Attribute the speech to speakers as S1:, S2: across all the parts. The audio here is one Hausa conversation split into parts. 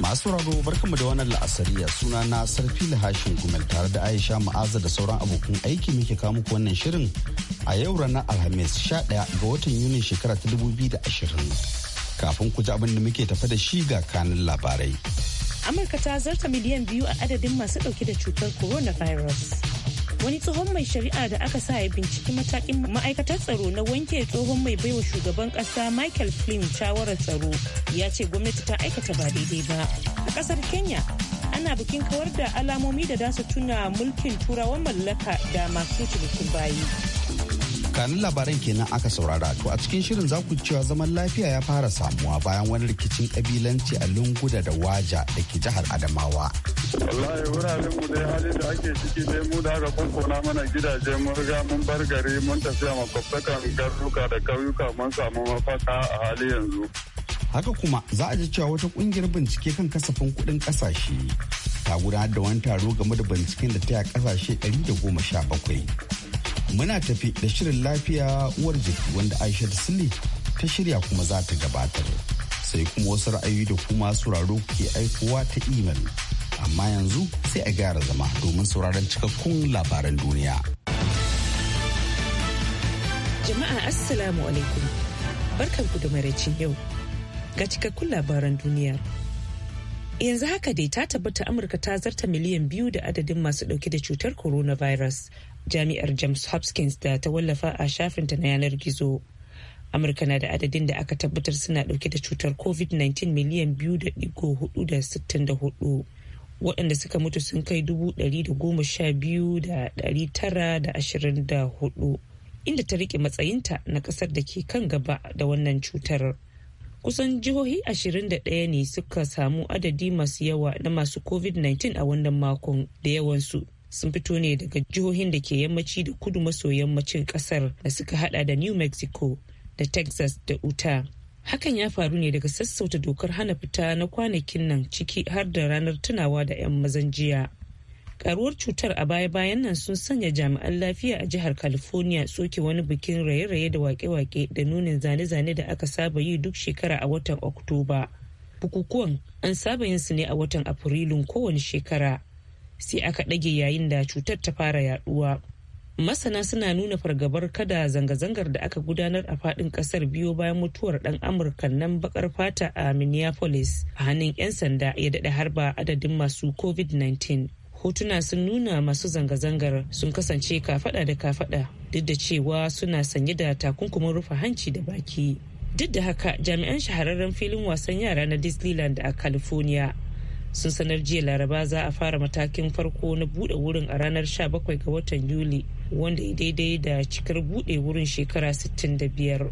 S1: Masu raro mu da wannan la'asariya suna na sarfi hashin gumel tare da Aisha Ma'aza da sauran abokan aiki muke kawo muku wannan shirin a yau ranar Alhamis 11 ga watan Yunin shekara ta 2020. Kafin ku ji abin da muke tafa da shi ga kanin labarai.
S2: Amurka ta zarta miliyan biyu a adadin masu dauke da cutar coronavirus. wani tsohon mai shari'a da aka sa ya binciki matakin ma'aikatar tsaro na wanke tsohon mai baiwa shugaban kasa michael flynn shawarar tsaro ya ce gwamnati ta aikata ba daidai ba a kasar kenya ana bikin kawar da alamomi da za su tuna mulkin turawan mallaka da masu cinikin bayi
S1: kanin labaran kenan aka saurara to a cikin shirin za ku cewa zaman lafiya ya fara samuwa bayan wani rikicin kabilanci a lunguda da waja da ke jihar adamawa
S2: wallahi wuraren mu dai halin da ake ciki dai mu da aka kokona mana gidaje mun riga mun bar gari mun tafi a makwabtakan garuka da kauyuka mun samu mafaka a hali yanzu
S1: haka kuma za a ji cewa wata kungiyar bincike kan kasafin kuɗin ƙasashe ta gudanar da wani taro game da binciken da ta yi a ƙasashe 117 muna tafi da shirin lafiya uwar jiki wanda aisha da sili ta shirya kuma za ta gabatar sai kuma wasu ra'ayi da kuma sauraro ke aikowa ta imel amma yanzu sai a gyara zama domin sauraron cikakkun labaran duniya
S2: jama'a assalamu alaikum barkanku da maraicin yau ga cikakkun labaran duniya yanzu haka dai ta tabbata amurka ta zarta miliyan biyu da adadin masu dauke da cutar coronavirus jami'ar james hopkins da ta wallafa a shafinta na yanar gizo amurka na da adadin da aka tabbatar suna dauke da cutar covid-19 miliyan biyu waɗanda suka mutu sun kai dubu da goma sha hudu inda ta rike matsayinta na ƙasar da ke kan gaba da wannan cutar kusan jihohi 21 ne suka samu adadi masu yawa na masu covid-19 a wannan makon da yawansu sun fito ne daga jihohin da ke yammaci da kudu maso yammacin kasar da suka hada da new mexico da texas da utah hakan ya faru ne daga sassauta dokar hana fita na kwanakin nan ciki har da ranar tunawa da 'yan mazan jiya karuwar cutar a baya-bayan nan sun sanya jami'an lafiya a jihar california soke wani bikin raye-raye da wake-wake da nunin zane-zane da aka saba yi duk shekara a watan oktoba bukukuwan an saba yin su ne a watan afrilun kowane shekara sai aka ɗage yayin da cutar ta fara yaduwa. Masana suna nuna fargabar kada zanga-zangar da aka gudanar a faɗin ƙasar biyu bayan mutuwar ɗan Amurka nan bakar fata a Minneapolis a hannun 'yan sanda ya daɗa harba adadin masu COVID-19. Hotuna sun nuna masu zanga-zangar sun kasance kafaɗa da kafaɗa duk da cewa suna sanye da takunkumin rufe hanci da baki. Duk da haka jami'an shahararren filin wasan yara na Disneyland a California sun sanar jiya laraba za a fara matakin farko na bude wurin a ranar 17 ga watan yuli wanda ya daidai da cikar bude wurin shekara 65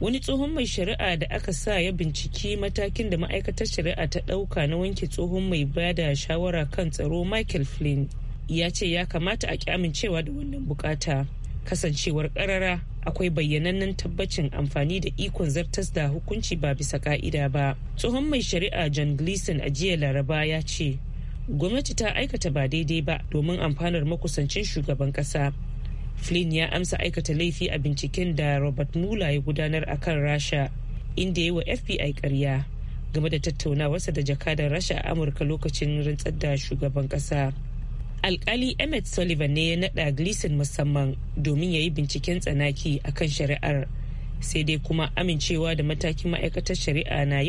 S2: wani tsohon mai shari'a da aka sa ya binciki matakin da ma'aikatar shari'a ta ɗauka na wanke tsohon mai bada shawara kan tsaro michael flynn ya ce ya kamata a ki amincewa da wannan bukata kasancewar karara akwai bayyanannen tabbacin amfani da ikon zartas da hukunci ba bisa ka'ida ba tsohon mai shari'a john gleason a jiya laraba ya ce gwamnati ta aikata ba daidai ba domin amfanar makusancin shugaban kasa flynn ya amsa aikata laifi a binciken da robert mueller ya gudanar a kan rasha inda ya wa fbi karya game da tattaunawarsa da jakadar rasha a amurka lokacin rantsar da shugaban kasa alkali emmett sullivan ne ya nada gleason musamman domin ya yi binciken tsanaki a kan shari'ar sai dai kuma amincewa da matakin ma'aikatar shari'a na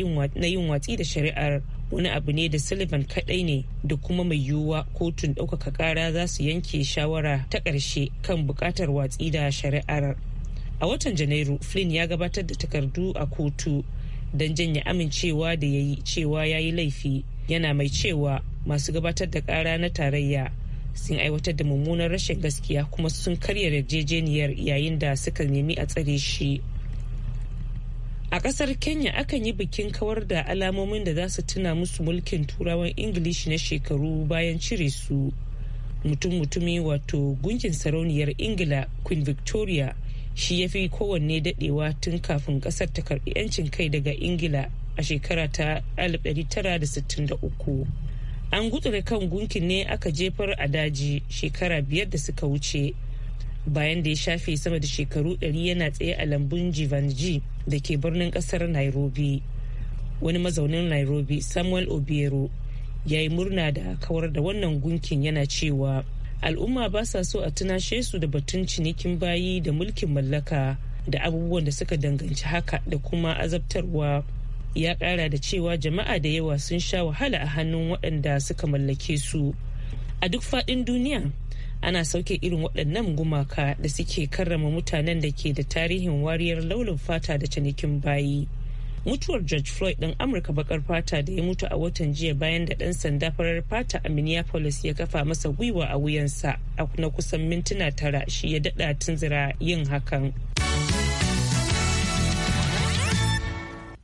S2: yin watsi da shari'ar wani abu ne da sullivan kadai ne da kuma mai yiwuwa kotun ɗaukaka kara za su yanke shawara ta ƙarshe kan buƙatar watsi da shari'ar a watan janairu flynn ya gabatar da takardu a kotu don janye amincewa da ya yi cewa ya yi laifi yana mai cewa masu gabatar da ƙara na tarayya sun aiwatar da mummunan rashin gaskiya kuma sun karya yarjejeniyar yayin da suka nemi a tsare shi a kasar kenya akan yi bikin kawar da alamomin da za su tuna musu mulkin turawan ingilishi na shekaru bayan cire su mutum-mutumi wato gungin sarauniyar ingila queen victoria shi ya fi kowanne dadewa tun kafin kasar ta karbi 'yancin kai daga ingila a shekara ta 1963 an gutsure kan gunkin ne aka jefar a daji shekara biyar da suka wuce bayan da ya shafe sama da shekaru 100 yana tsaye a lambun jivanji da ke birnin kasar nairobi wani mazaunin nairobi samuel obiero ya yi murna da kawar da wannan gunkin yana cewa al'umma ba sa so a tunashe su da batun cinikin bayi da mulkin mallaka da abubuwan da suka danganci haka da kuma azabtarwa ya kara da cewa jama'a da yawa sun sha wahala a hannun waɗanda suka mallake su a duk faɗin duniya ana sauke irin waɗannan gumaka da suke karrama mutanen da ke da tarihin wariyar launin fata da cinikin bayi mutuwar george floyd ɗan amurka bakar fata da ya mutu a watan jiya bayan da ɗan sanda farar fata a minneapolis ya kafa masa gwiwa a wuyansa a na kusan mintuna tara shi ya daɗa tunzura yin hakan.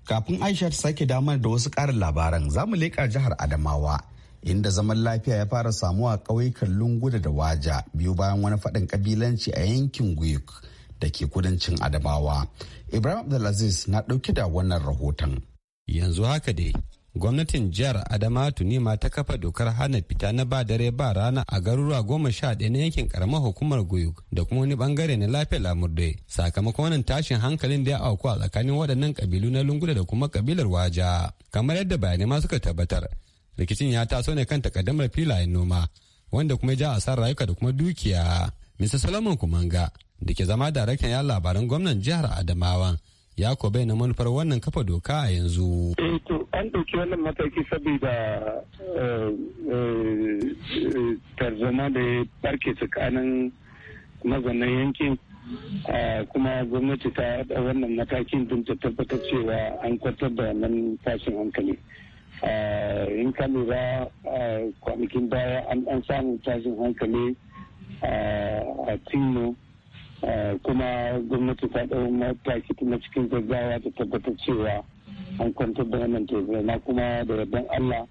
S1: Kafin Aisha ta sake damar da wasu ƙarin labaran za mu leƙa jihar Adamawa inda zaman lafiya ya fara samuwa a ƙauyukan Lunguda da Waja biyu bayan wani faɗin ƙabilanci a yankin Guyuk da ke kudancin Adamawa. Ibrahim Abdulaziz
S3: na ɗauke da wannan rahoton. Yanzu haka dai gwamnatin jihar adama tuni ma ta kafa dokar hana fita na ba dare ba rana a garuruwa goma sha ɗaya na yankin karamar hukumar guyuk da kuma wani bangare na lafiyar lamurde sakamakon wannan tashin hankalin da ya auku a tsakanin waɗannan kabilu na lunguda da kuma kabilar waja kamar yadda bayanai ma suka tabbatar rikicin ya taso ne kan takaddamar filayen noma wanda kuma ja san rayuka da kuma dukiya mr solomon kumanga da ke zama daraktan ya labaran gwamnan jihar adamawa ya ko na manufar wannan kafa doka a yanzu.
S2: Eh, an ɗauki wannan mataki saboda
S3: eh, eh, eh, tarzoma da ya barke tsakanin mazannan yankin kuma gwamnati ta da wannan matakin don ta
S1: tabbatar cewa an kwantar da wannan tashin hankali in ka lura kwanakin baya an samu tashin hankali a
S2: tino kuma gwamnati ta ɗau mataki na cikin gaggawa ta tabbatar cewa an kwantar da wannan na kuma da yardan allah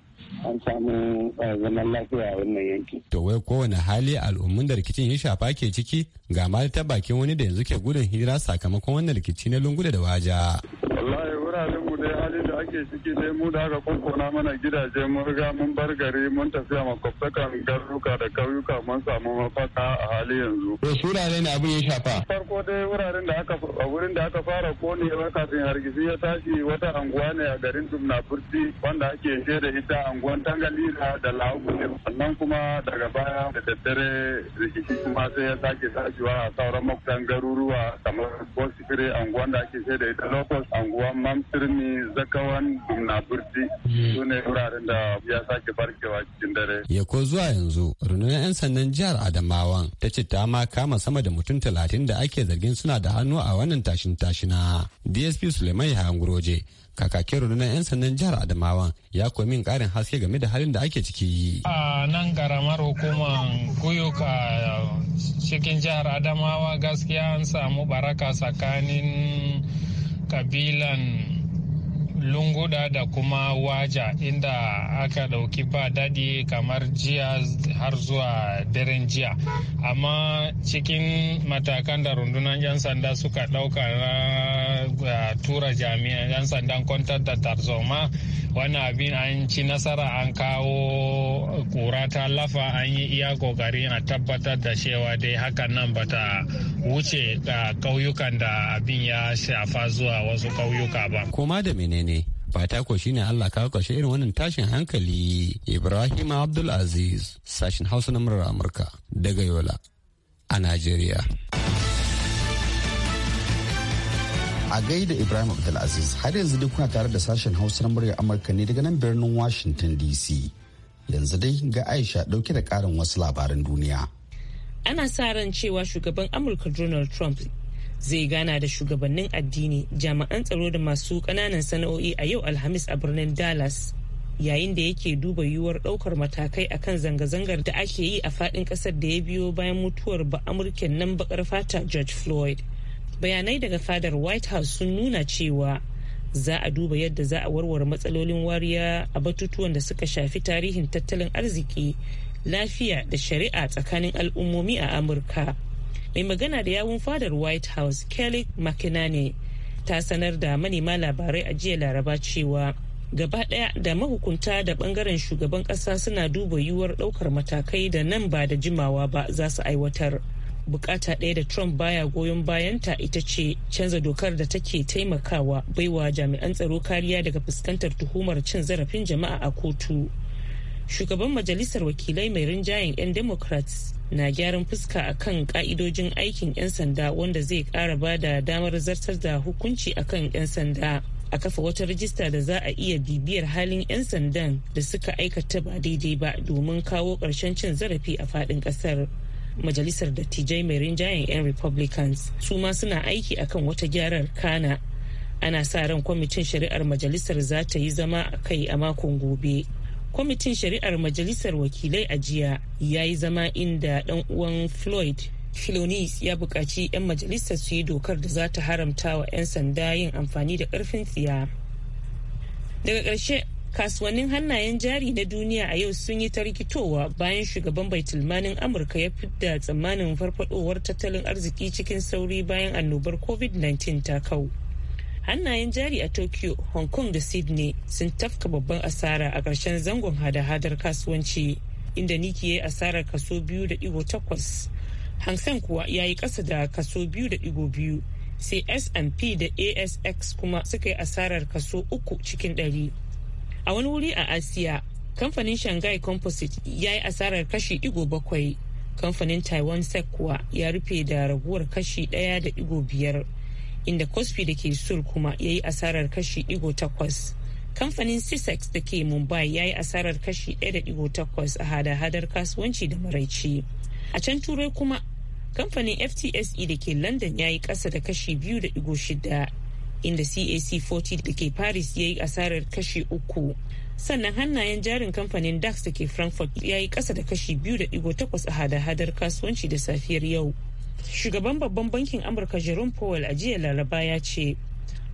S2: an
S3: samu uh, zaman lafiya a wannan yanki. To wai kowane hali al'ummun da rikicin ya shafa ke ciki ga ma ta bakin wani da yanzu ke gudun hira sakamakon wannan rikici na lungu da waja.
S2: Wallahi kara dubu da halin da ake ciki dai mu da aka kokona mana gidaje mun riga mun bar gari mun tafiya makwabtakan garuka da kauyuka mun samu mafaka a hali yanzu.
S4: To su wuraren da abin ya shafa?
S2: Farko dai wuraren da aka a wurin da aka fara konewa kafin hargitsi ya tashi wata anguwa ne a garin Dumnafurti wanda ake ce da ita anguwan Tangalila da ne Sannan kuma daga baya da daddare rikici kuma sai ya sake tashiwa a sauran makwabtan garuruwa kamar Bosikire anguwan da ake ce da ita Lokos anguwan Mam turmi zakawan na burti hmm. su wuraren da ya sake barkewa cikin dare
S3: ya ko zuwa yanzu rundunar 'yan sandan jihar adamawan ta ce ta ma kama sama da mutum talatin da ake zargin suna da hannu a wannan tashin tashina dsp suleiman hangroje kakakin rundunar 'yan sandan jihar adamawan ya komi min karin haske game da halin da ake ciki a nan garamar hukumar guyuka cikin jihar adamawa gaskiya an samu baraka tsakanin kabilan lunguda da kuma waja inda aka ɗauki ba daɗi kamar jiya har zuwa daren jiya amma cikin matakan da rundunar 'yan sanda suka ɗauka na eh, tura jami'an 'yan sandan kwantar da tarzoma wannan abin an ci nasara an kawo kura ta lafa an yi iya kokari a tabbatar da cewa dai hakan nan bata wuce da kauyukan da abin ya shafa zuwa wasu ƙauyuka ba kuma da menene fata ko shine Allah ka kashe irin wannan tashin hankali Ibrahim Abdul Aziz sashin Hausa na murar Amurka daga Yola a Najeriya. a gaida ibrahim
S1: abdulaziz har yanzu dai kuna tare da sashen hausa na muryar amurka ne daga nan birnin washington dc yanzu dai ga aisha dauke da karin wasu labaran duniya
S2: ana sa ran cewa shugaban amurka donald trump zai gana da shugabannin addini jami'an tsaro da masu kananan sana'o'i a yau alhamis a birnin dallas yayin da yake duba yiwuwar daukar matakai akan zanga-zangar da ake yi a faɗin ƙasar da ya biyo bayan mutuwar ba amurken nan baƙar fata george floyd bayanai daga fadar white house sun nuna cewa za a duba yadda za a warware matsalolin wariya a batutuwan da suka shafi tarihin tattalin arziki lafiya da shari'a tsakanin al'ummomi a amurka mai magana da yawun fadar white house kelly mcinane ta sanar da manema labarai a jiya laraba cewa gaba daya da mahukunta da bangaren shugaban kasa suna duba yiwuwar daukar matakai da nan ba da jimawa ba za su aiwatar bukata ɗaya da trump baya goyon bayanta ita ce canza dokar da take taimakawa baiwa jami'an tsaro kariya daga fuskantar tuhumar cin zarafin jama'a a kotu shugaban majalisar wakilai mai rinjayen 'yan democrats na gyaran fuska akan ka'idojin aikin 'yan sanda wanda zai kara ba da damar zartar da hukunci a kan 'yan sanda a kafa wata rajista da za a iya bibiyar halin 'yan sandan da suka aikata ba daidai ba domin kawo ƙarshen cin zarafi a faɗin ƙasar. majalisar dattijai mai rinjayen 'yan republicans su ma suna aiki akan wata gyarar kana ana sa ran kwamitin shari'ar majalisar za ta yi zama a kai a makon gobe kwamitin shari'ar majalisar wakilai a jiya ya yi zama inda dan uwan floyd filonis ya bukaci 'yan majalisar su yi dokar da za ta haramta wa 'yan sanda yin amfani da ƙarfin tsiya daga ƙarshe kasuwannin hannayen jari na duniya a yau sun yi ta bayan shugaban baitulmanin amurka ya fidda tsammanin farfadowar tattalin arziki cikin sauri bayan annobar covid-19 ta kau hannayen jari a tokyo hong kong da sydney sun tafka babban asara a ƙarshen zangon hada-hadar kasuwanci inda niki ya yi asarar kaso biyu da digo takwas hansen kuwa ya yi ƙasa da kaso biyu da digo biyu sai S&P da ASX kuma suka yi asarar kaso uku cikin ɗari. a wani wuri a asiya kamfanin shanghai composite ya yi asarar kashi igo bakwai kamfanin taiwan sec kuwa ya rufe da raguwar kashi ɗaya da igo biyar inda cosby da ke sur kuma ya yi asarar kashi igo takwas kamfanin sisex da ke mumbai ya yi asarar kashi da takwas a hada-hadar kasuwanci da maraici a can turai kuma kamfanin ftse da ke london ya yi kasa da kashi biyu da shida inda cac 40 da ke paris ya yi asarar kashi uku sannan hannayen jarin kamfanin dax da ke frankfurt ya yi kasa da kashi biyu da digo takwas a hada-hadar kasuwanci da safiyar yau shugaban babban bankin amurka jerome powell a jiya laraba ya ce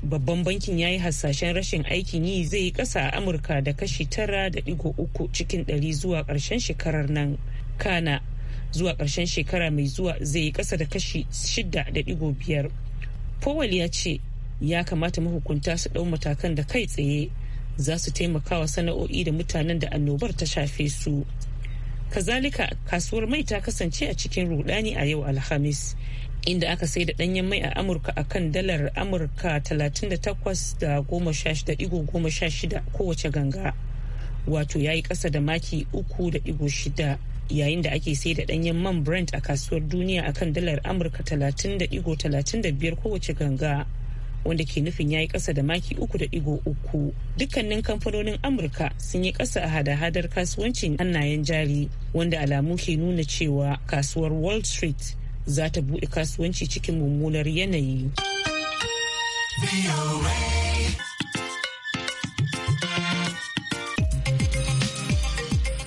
S2: babban bankin ya yi hasashen rashin aikin yi zai yi kasa a amurka da kashi tara da digo uku cikin ɗari zuwa karshen shekarar nan kana zuwa ƙarshen shekara mai zuwa zai yi kasa da kashi biyar Powell ya ce ya kamata mahukunta su ɗau matakan da kai tsaye za su taimaka wa sana'o'i da mutanen da annobar ta shafe su kazalika kasuwar mai ta kasance a cikin rudani a yau alhamis inda aka sai da ɗanyen mai a amurka a kan dalar amurka 38.16 kowace ganga wato ya yi ƙasa da maki 3.6 yayin da ake sai da ɗanyen man brent a kasuwar duniya a kan dalar amurka 30.35 kowace ganga wanda ke nufin ya yi ƙasa da maki uku da igo uku. Dukkanin kamfanonin Amurka sun yi kasa a hada-hadar kasuwancin hannayen jari wanda alamu ke nuna cewa kasuwar Wall Street za ta buɗe kasuwanci cikin mummunar yanayi.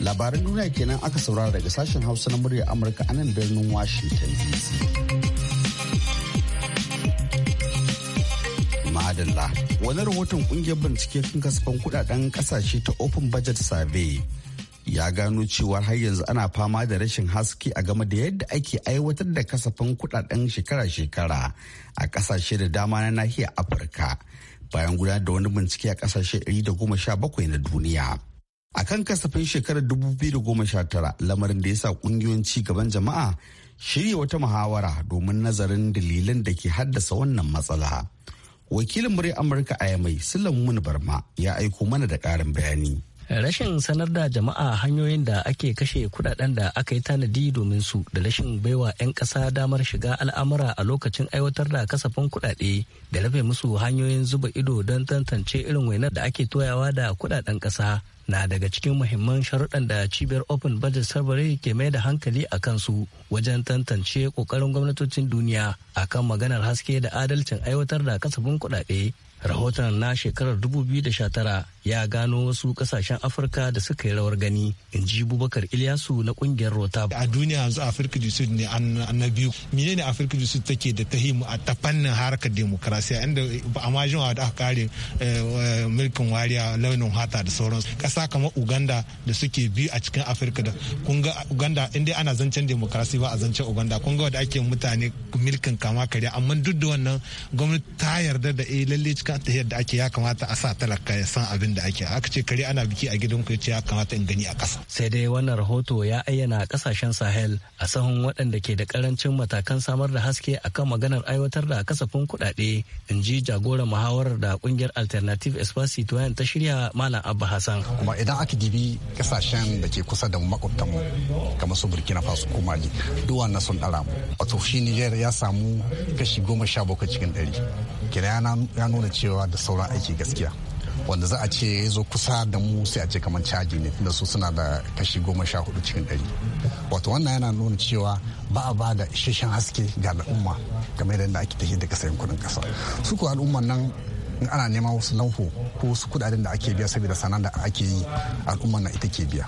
S1: Labaran duniya kenan aka saurara daga sashen Hausa na muryar Amurka a nan birnin Washington DC. adalla. wani rahoton kungiyar bincike kan kasafin kudaden kasashe ta open budget survey ya gano cewa har yanzu ana fama da rashin haske a game da yadda ake aiwatar da kasafin kudaden shekara-shekara a kasashe da dama na nahiyar afirka bayan gudanar da wani bincike a kasashe 117 na duniya a kan kasafin shekarar 2019 lamarin da ya sa kungiyoyin ci gaban jama'a shirya wata muhawara domin nazarin dalilan da ke haddasa wannan matsala wakilin murya amurka a yamai sulamun barma ya aiko mana da karin bayani
S5: rashin sanar da jama'a hanyoyin da ake kashe kudaden da aka yi tanadi domin su da rashin baiwa 'yan ƙasa damar shiga al'amura a lokacin aiwatar da kasafin kudade da rufe musu hanyoyin zuba ido don tantance irin wainar da ake toyawa da kudaden ƙasa na daga cikin muhimman sharuɗan da cibiyar open budget survey ke mai da hankali a kansu wajen tantance ƙoƙarin gwamnatocin duniya a kan maganar haske da adalcin aiwatar da kasafin kuɗaɗe rahoton na shekarar 2019 ya gano wasu kasashen afirka da suka yi rawar gani
S6: in ji bubakar ilyasu na kungiyar rota a duniya yanzu afirka du sud ne na biyu menene afirka du sud take da ta himu a ta fannin harkar demokrasiya inda ba a majin da aka kare eh, mulkin wariya launin hata da sauransu kasa kamar uganda da suke biyu a cikin afirka da kunga uganda inda ana zancen demokrasi ba a zancen uganda kunga wanda ake mutane mulkin kama karya amma duk da wannan gwamnati ta yarda da eh lalle cikin ta yadda ake ya kamata a sa talaka ya san abin da ake aka ce kare ana biki a gidan ku ce ya kamata in gani a
S5: ƙasa. sai dai wannan rahoto ya ayyana kasashen sahel a sahun waɗanda ke da karancin matakan samar da haske akan maganar aiwatar da kasafin kuɗaɗe in ji jagoran muhawarar da ƙungiyar alternative espacito ta shirya malam abba hassan.
S7: kuma idan aka dibi kasashen da ke kusa da makwabtan mu kamar su burkina faso ko mali duwa na sun ɗara mu wato shi niger ya samu kashi goma sha bakwai cikin ɗari kira ya nuna cewa da sauran aiki gaskiya wanda za a ce ya zo kusa da mu sai a ce kamar caji ne da su suna da kashi goma sha hudu cikin ɗari wato wannan yana nuna cewa ba a ba da isasshen haske ga al'umma game da yadda ake tafi da kasayin kuɗin kasa su ko al'umman nan in ana neman wasu lanho ko wasu kudaden da ake biya saboda sana da ake yi al'umman na ita ke biya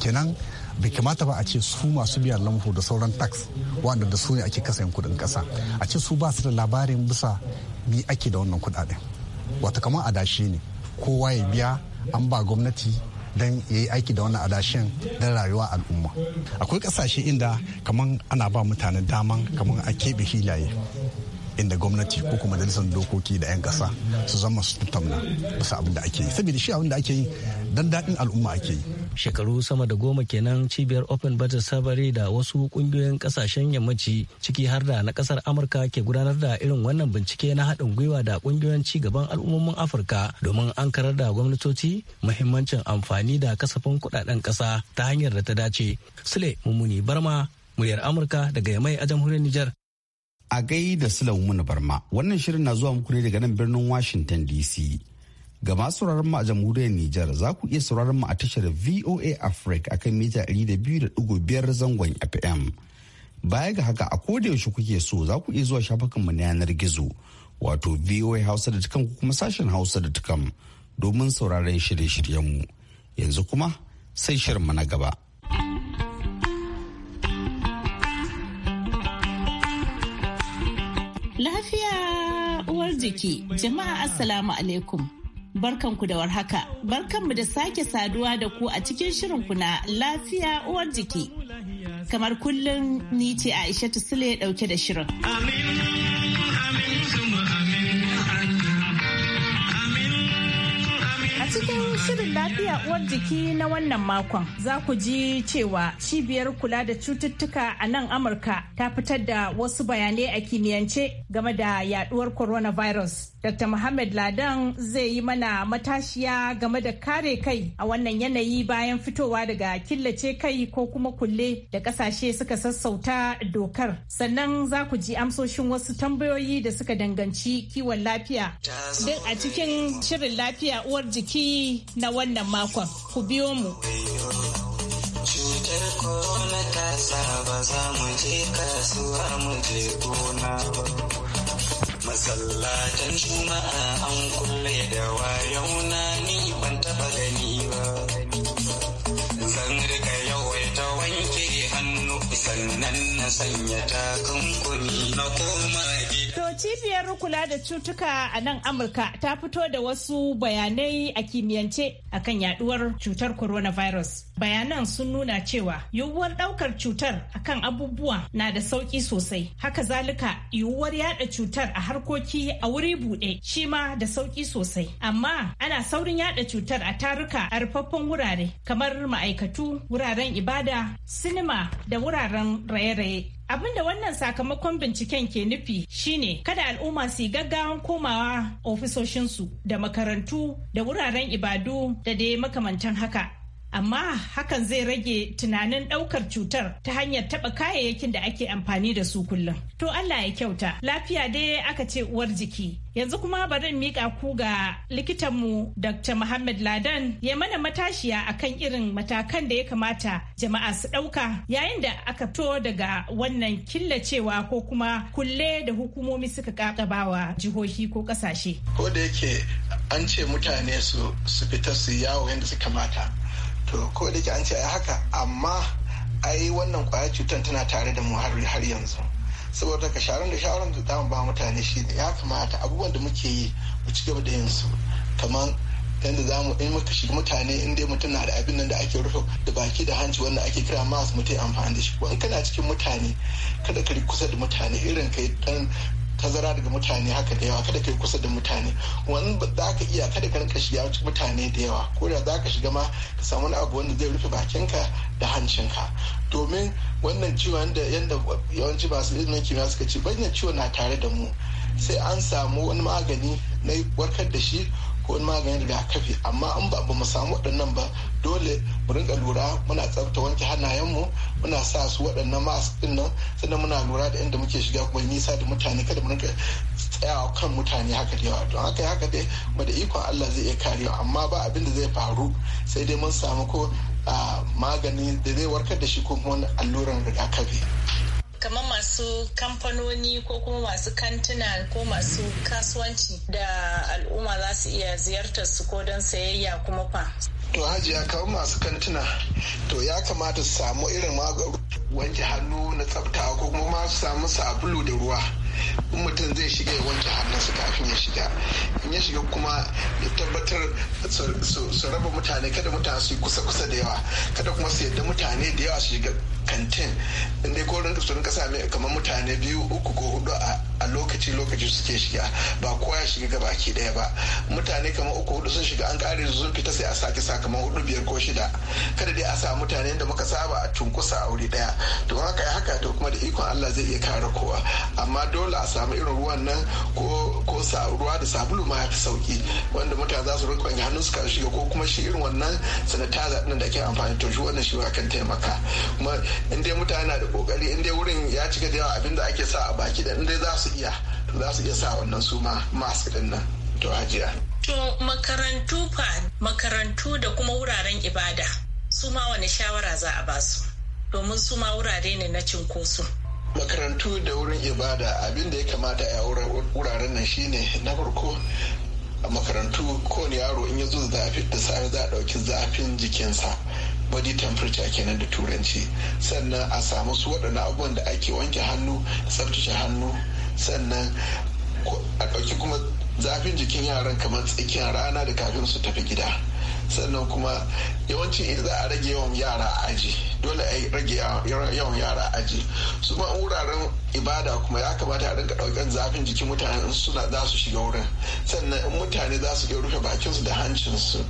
S7: kenan bai kamata ba a ce su masu biyan lanho da sauran tax wanda da su ne ake kasayin kudin kasa a ce su ba su da labarin bisa bi ake da wannan kudaden wata kamar adashi ne kowa ya biya an ba gwamnati don ya yi aiki da wannan adashin don rayuwa al'umma akwai kasashe inda kamar ana ba mutane daman kamar a keɓe hilaye inda gwamnati ko kuma majalisar dokoki da 'yan kasa su zama su tattauna bisa abin da ake yi saboda shi abin da ake yi don daɗin al'umma ake yi shekaru
S5: sama da goma kenan cibiyar open budget sabari da wasu kungiyoyin kasashen yammaci ciki har da na kasar amurka ke gudanar da irin wannan bincike na haɗin gwiwa da kungiyoyin ci gaban al'ummomin afirka domin an karar da gwamnatoci muhimmancin amfani da kasafin kuɗaɗen kasa
S1: ta hanyar da ta dace sule mummuni barma muryar amurka daga yamai a jamhuriyar niger a gai da sule mummuni barma wannan shirin na zuwa muku ne daga nan birnin washington dc Ga masu sauraron mu a jamhuriyar Nijar za ku iya sauraron mu a tashar VOA Africa akan mita 200.5 zangon FM. Baya ga haka a koda yaushe kuke so za ku iya zuwa mu na yanar gizo wato voahausa.com ko kuma sashen hausa.com domin sauraron shirye shiryen mu Yanzu kuma sai shirinmu na gaba.
S8: Lafiya uwar jiki, jama'a Assalamu alaikum. Barkanku da warhaka, barkanmu da sake saduwa da ku a cikin shirinku na lafiya uwar jiki. Kamar kullum ni ce Aisha Sule dauke da shirin. cikin shirin lafiya uwar jiki na wannan makon za ku ji cewa cibiyar kula da cututtuka a nan amurka ta fitar da wasu bayanai a kimiyance game da yaduwar coronavirus dr muhammad ladan zai yi mana matashiya game da kare kai a wannan yanayi bayan fitowa daga killace kai ko kuma kulle da kasashe suka sassauta dokar sannan za ku ji amsoshin wasu tambayoyi da suka danganci kiwon lafiya duk a cikin shirin lafiya uwar jiki rahotanni na wannan makon. Ku biyo mu.
S5: Cutar corona ta sa ba za je kasuwa mu je gona Masallatan juma'a an kulle
S3: da wayau ni ban taba gani ba. Zan rika ta wanke hannu sannan na sanya takunkumi na koma
S8: cibiyar kula da cutuka a nan Amurka ta fito da wasu bayanai a kimiyyance akan yaduwar cutar coronavirus. Bayanan sun nuna cewa yiwuwar daukar cutar akan abubuwa na da sauki sosai. Haka zalika yiwuwar yada cutar a harkoki a wuri bude shi ma da sauki sosai. Amma ana saurin yada cutar a taruka a rufaffen wurare kamar ma'aikatu, wuraren ibada, sinima da wuraren raye-raye. Abin da wannan sakamakon binciken ke nufi shine kada al'umma su yi gaggawan komawa ofisoshinsu da makarantu da wuraren ibadu da dai makamantan haka amma hakan zai rage tunanin ɗaukar cutar ta hanyar taɓa kayayyakin da ake amfani da su kullum. To Allah ya kyauta, lafiya dai aka ce uwar jiki. Yanzu kuma bari in miƙa ku ga likitanmu Dr. Muhammad Ladan ya mana matashiya akan irin matakan da ya kamata jama'a su ɗauka yayin da aka fito daga wannan killacewa ko kuma kulle da hukumomi suka ƙaƙabawa jihohi ko ƙasashe.
S6: Ko da yake an ce mutane su fita su yawo yadda su kamata. to ko da ke an ce ayi haka amma ai wannan kwayar cutar tana tare da mu har yanzu saboda ka sharon da shawaran da zamu ba mutane shi ne ya kamata abubuwan da muke yi mu ci gaba da yin su kamar yadda za mu in muka shiga mutane in dai mutum na da abin nan da ake rufe da baki da hanci wanda ake kira masu mutum amfani da shi ko in kana cikin mutane kada ka kusa da mutane irin kai dan tazara daga mutane haka da yawa kada ka yi kusa da mutane wani za ka iya kada ka rinka shiga mutane da yawa ko da za ka shiga ma ka samu wani abu wanda zai rufe bakinka da hancinka domin wannan ciwon da yadda yawanci masu ilimin kimiyya suka ce bayan ciwon na tare da mu sai an samu wani magani na warkar da shi ko wani maganin rigakafi amma in ba mu samu waɗannan ba dole mu rinka lura muna tsafta wanke mu muna sa su waɗannan mask din nan sannan muna lura da inda muke shiga kuma nisa da mutane kada mu rinka tsayawa kan mutane haka da yawa don haka haka dai ba da ikon Allah zai iya karewa amma ba abin da zai faru sai dai mun samu ko ah, magani da zai warkar da shi ko kuma alluran rigakafi.
S8: kamar masu kamfanoni ko kuma masu kantuna ko masu kasuwanci da al'umma za su iya ziyartar su ko don sayayya kuma fa.
S6: To hajiya kamar masu kantuna to ya kamata su samu irin wanke hannu na tsafta ko kuma su samu sabulu da ruwa. mutum zai shiga ya wanke hannunsa kafin ya shiga in ya shiga kuma ya tabbatar su raba mutane kada mutane su yi kusa-kusa da yawa kada kuma su yadda mutane da yawa su shiga kantin inda ko rinka su rinka sami kamar mutane biyu uku ko hudu a lokaci lokaci suke shiga ba kowa ya shiga gaba ki daya ba mutane kamar uku hudu sun shiga an kare sun fita sai a sake sakamakon hudu biyar ko shida kada dai a sa mutane da muka saba a cunkusa a wuri daya to haka ya haka to kuma da ikon Allah zai iya kare kowa amma dole dole a samu irin ruwan nan ko ruwa da sabulu ma fi sauki wanda mutane za su rinka wanke hannu su kan shiga ko kuma shi irin wannan sanitizer din da ke amfani to shi wannan shi kan taimaka kuma in dai mutane na da kokari in dai wurin ya cika da yawa abinda ake sa a baki da in dai za su iya to za su iya sa wannan su ma mask din nan to hajiya
S8: to makarantu fa makarantu da kuma wuraren ibada su ma wani shawara za a basu domin su ma wurare ne na cinkoso.
S6: makarantu da wurin ibada abin da ya kamata a wuraren nan shine na farko a makarantu kowane yaro in ya zo zafi da safe za a ɗauki zafin jikinsa body temperature kenan da turanci sannan a samu su waɗannan abubuwan da ake wanke hannu tsaftace hannu sannan a ɗauki kuma zafin jikin yaran kamar tsakiyar rana da kafin su tafi gida sannan kuma yawancin za a rage yawan yara rage yawan yara aji su ma wuraren ibada kuma ya kamata a rinka ɗauken zafin jikin mutane suna za su shiga wurin sannan mutane za su iya rufe bakinsu da hancinsu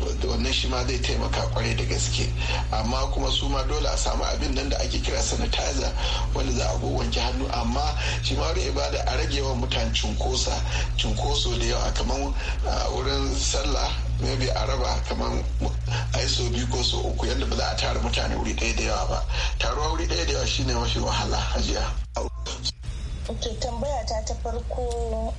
S6: wannan shi ma zai taimaka kwarai da gaske amma kuma su ma dole a samu abin nan da ake kira sanitizer wanda za a go wanke hannu amma shi ma wurin ibada a rage yawan mutane cunkosa cunkoso da yawa kamar wurin sallah maybe a raba kamar a yi so biyu ko so uku yadda ba za a tara mutane wuri ɗaya da yawa ba taruwa wuri ɗaya da yawa shine mafi wahala hajiya.
S8: Ok tambaya ta ta farko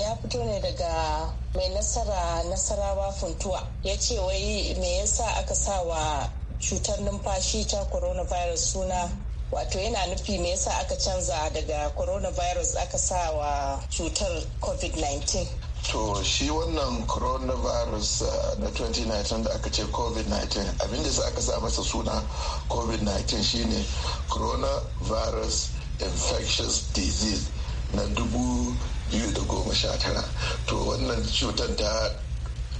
S8: ya fito ne daga mai nasara nasarawa funtuwa ya ce wai me yasa aka sa wa cutar numfashi ta coronavirus suna wato yana nufi me yasa aka canza daga coronavirus aka sa wa cutar covid-19
S6: To shi wannan coronavirus uh, na 2019 da aka ce COVID-19 abinda sa aka sa masa suna COVID-19 shine coronavirus infectious
S4: disease na dubu biyu to wannan cutar
S6: ta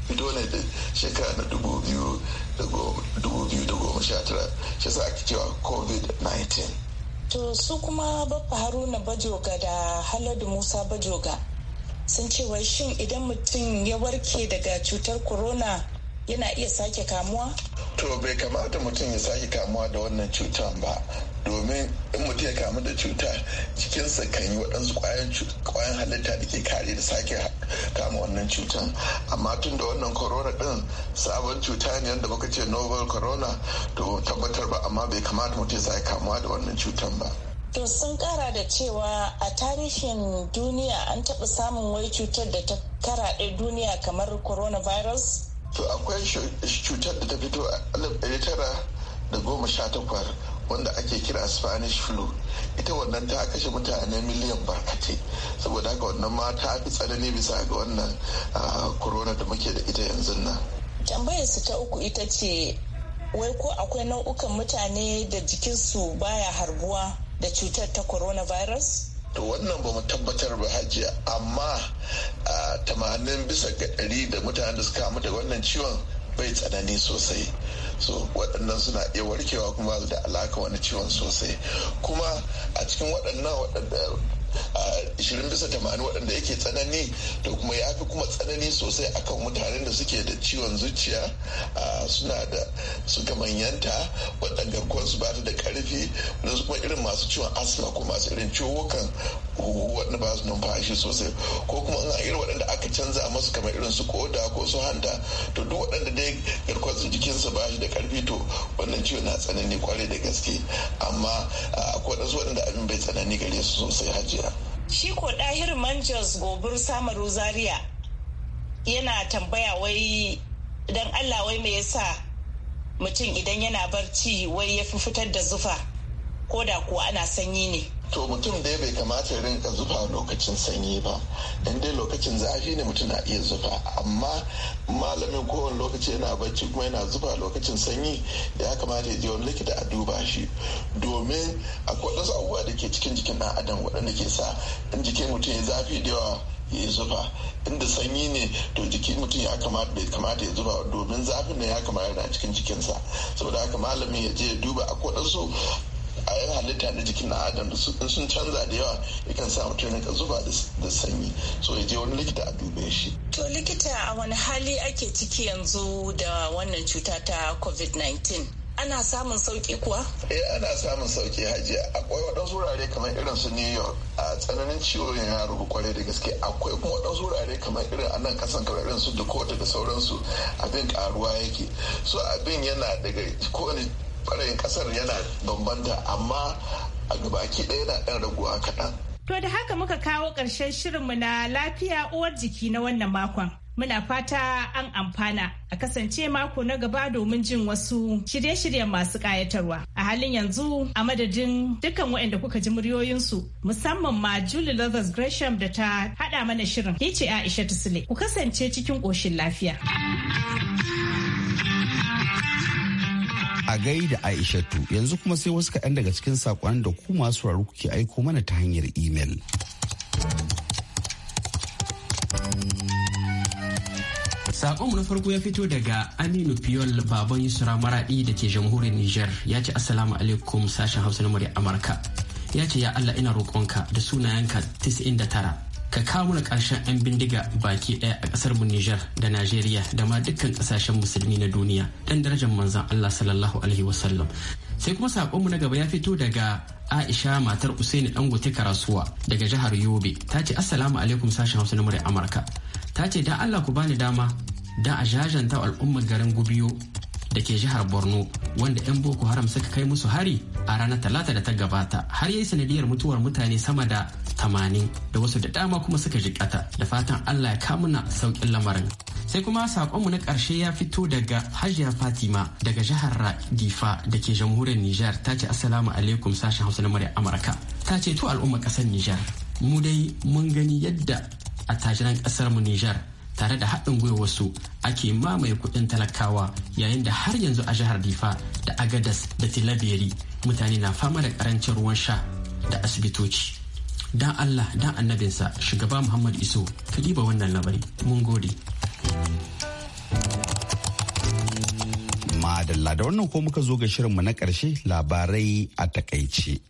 S6: fito ne da shekara na dubu biyu da goma sha tara shi sa cewa covid-19
S8: to su kuma baffa haruna bajoga da haladu musa bajoga sun ce wai shin idan mutum ya warke daga cutar corona yana iya sake kamuwa?
S6: To bai kamata mutum ya sake kamuwa da wannan cutan ba domin in mutum ya kamu da cuta jikinsa kan yi waɗansu ƙwayan halitta da ke kare da sake kama wannan cutan amma tun da wannan corona ɗin sabon cuta ne yadda muka ce novel corona to tabbatar ba amma bai kamata mutum ya sake kamuwa da wannan cutar ba.
S8: To sun kara da cewa a tarihin duniya an taɓa samun wai cutar da ta karaɗe duniya kamar coronavirus?
S6: to akwai cutar da ta fito a alif ɗari tara da goma sha wanda ake kira spanish flu ita wannan ta kashe mutane miliyan barkate saboda haka wannan ma ta fi tsanani bisa ga wannan ah, corona da muke da ita yanzu nan
S8: tambayar su ta uku ita ce wai ko akwai nau'ukan mutane da jikinsu baya harbuwa da cutar ta coronavirus to wannan
S6: ba mu tabbatar ba hajiya amma a tamanin bisa ga ɗari da mutanen da suka da wannan ciwon bai tsanani sosai so waɗannan suna iya warkewa kuma da alaka wani ciwon sosai kuma a cikin waɗannan 20 bisa 80 waɗanda yake tsanani da kuma ya fi kuma tsanani sosai akan mutanen da suke da ciwon zuciya suna da suka manyanta waɗanda su ba ta da ƙarfi su kuma irin masu ciwon asma ko masu irin ciwukan wadanda ba su numfashi sosai ko kuma in irin waɗanda aka canza masu kamar irin su koda ko su hanta to duk waɗanda dai garkuwar jikinsa ba shi da karfi to wannan ciwo na tsanani kwarai da gaske amma akwai waɗansu waɗanda abin bai tsanani gare su sosai
S8: hajiya. shi ko dahir manjas gobir samaru zaria yana tambaya wai don allah wai me yasa mutum idan yana barci wai ya fi fitar da zufa ko da kuwa ana sanyi ne. to mutum dai bai
S6: kamata ya rinka zufa lokacin sanyi ba in dai lokacin zafi ne mutum na iya zufa amma malamin kowane lokaci yana bacci kuma yana zufa lokacin sanyi ya kamata ya je wani likita a duba shi domin akwai wasu abubuwa da ke cikin jikin ɗan adam waɗanda ke sa in jikin mutum ya zafi da yawa ya zufa. inda sanyi ne to jikin mutum ya kamata bai kamata ya zufa domin zafin da ya kamata yana cikin jikinsa saboda haka malamin ya je ya duba a kodansu a yana halitta da jikin na adam sun canza da yawa yakan sa mutum ya zuba da sanyi so ya je wani likita a dube shi
S2: to likita
S8: a wani hali ake ciki yanzu da wannan cuta ta covid-19 ana samun sauki kuwa?
S6: eh ana samun sauki hajiya akwai waɗansu wurare kamar irin su new york a tsananin ciwon ya rubu kwarai da gaske akwai kuma waɗansu wurare kamar irin a nan kasan kamar irin su dakota da sauransu abin karuwa yake so abin yana daga kowane kwarayin kasar yana bambanta amma a gabaki ɗaya na ɗan raguwa kaɗan.
S8: To da haka muka kawo ƙarshen shirinmu na lafiya uwar jiki na wannan makon. Muna fata an amfana a kasance mako na gaba domin jin wasu shirye-shiryen masu ƙayatarwa. A halin yanzu a madadin dukkan waɗanda kuka ji muryoyinsu musamman ma Julie Lovers Gresham da ta haɗa mana shirin. Ni ce Aisha Tusile, ku kasance cikin ƙoshin lafiya.
S1: a gaida aishatu yanzu kuma sai wasu kaɗan daga cikin saƙon da ku masu raro kuke aiko mana ta hanyar
S4: imel mu na farko ya fito daga Aminu piyol Baban Yusra maraɗi da ke jamhuriyar Nijar ya ce Assalamu alaikum sashen Hausa na Amurka. Ya ce ya Allah ina roƙonka da sunayenka 99 ka kawo na ƙarshen 'yan bindiga baki ɗaya a ƙasar mu Nijar da Najeriya da ma dukkan ƙasashen musulmi na duniya dan darajar manzon Allah sallallahu alaihi wasallam. Sai kuma saƙonmu na gaba ya fito daga Aisha matar Usaini Dangote Karasuwa daga jihar Yobe ta ce Assalamu alaikum sashen Hausa na Amurka. Ta ce dan Allah ku bani dama da a jajanta al'ummar garin Gubiyo da ke jihar borno wanda 'yan boko haram suka kai musu hari a ranar talata da ta gabata har yi sanadiyar mutuwar mutane sama da tamanin da wasu da dama kuma suka jikata da fatan allah ya kamuna saukin lamarin sai kuma sakonmu na ƙarshe ya fito daga hajiya fatima daga jihar radifa da ke jamhuriyar nijar ta ce assalamu alaikum sashen hausa na murya amurka ta ce to al'umma kasar nijar mu dai mun gani yadda a tajiran kasar nijar tare da haɗin wasu ake mamaye kuɗin talakawa yayin da har yanzu a jihar difa da agadas da tilaberi mutane na fama da ƙarancin ruwan sha da asibitoci dan allah dan annabinsa shugaba muhammad iso ka diba wannan labari mun gode madalla da wannan ko muka zo ga
S1: shirinmu na ƙarshe labarai a takaice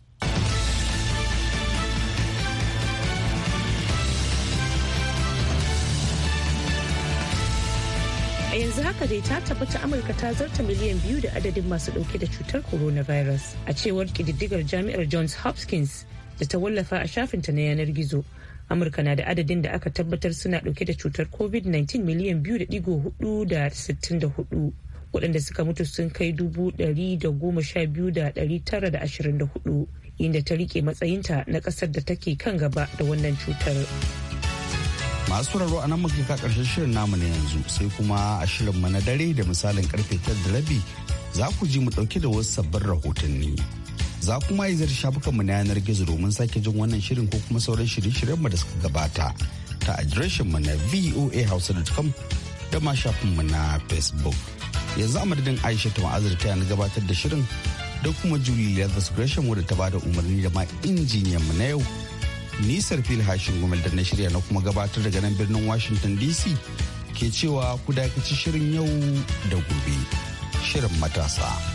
S2: yanzu haka dai ta tabbata amurka ta zarta miliyan biyu da adadin masu dauke da cutar coronavirus a cewar kididdigar jami'ar johns hopkins da ta wallafa a shafinta na yanar gizo amurka na da adadin da aka tabbatar suna dauke da cutar covid-19 miliyan biyu da digo hudu da sittin da hudu waɗanda suka mutu sun kai dubu ɗari da goma sha biyu da ɗari tara da ashirin da hudu inda ta rike matsayinta na ƙasar da take kan gaba da wannan cutar.
S1: masu raro a nan muka ka karshen shirin namu na yanzu sai kuma a shirin mu na dare da misalin karfe tar da rabi za ku ji mu dauke da wasu sabbin rahotanni za kuma yi zar shafukan mu na yanar gizo domin sake jin wannan shirin ko kuma sauran shirye-shiryen mu da suka gabata ta adireshin mu na voahausa.com da ma shafin mu na facebook yanzu a madadin aisha ta ma'azar ta yana gabatar da shirin da kuma julie leathers gresham wadda ta bada umarni da ma injiniyan mu na yau nisar sarfil hashin gwamnati da na shirya na kuma gabatar daga nan birnin washington dc ke cewa ku dakaci shirin yau da gobe shirin matasa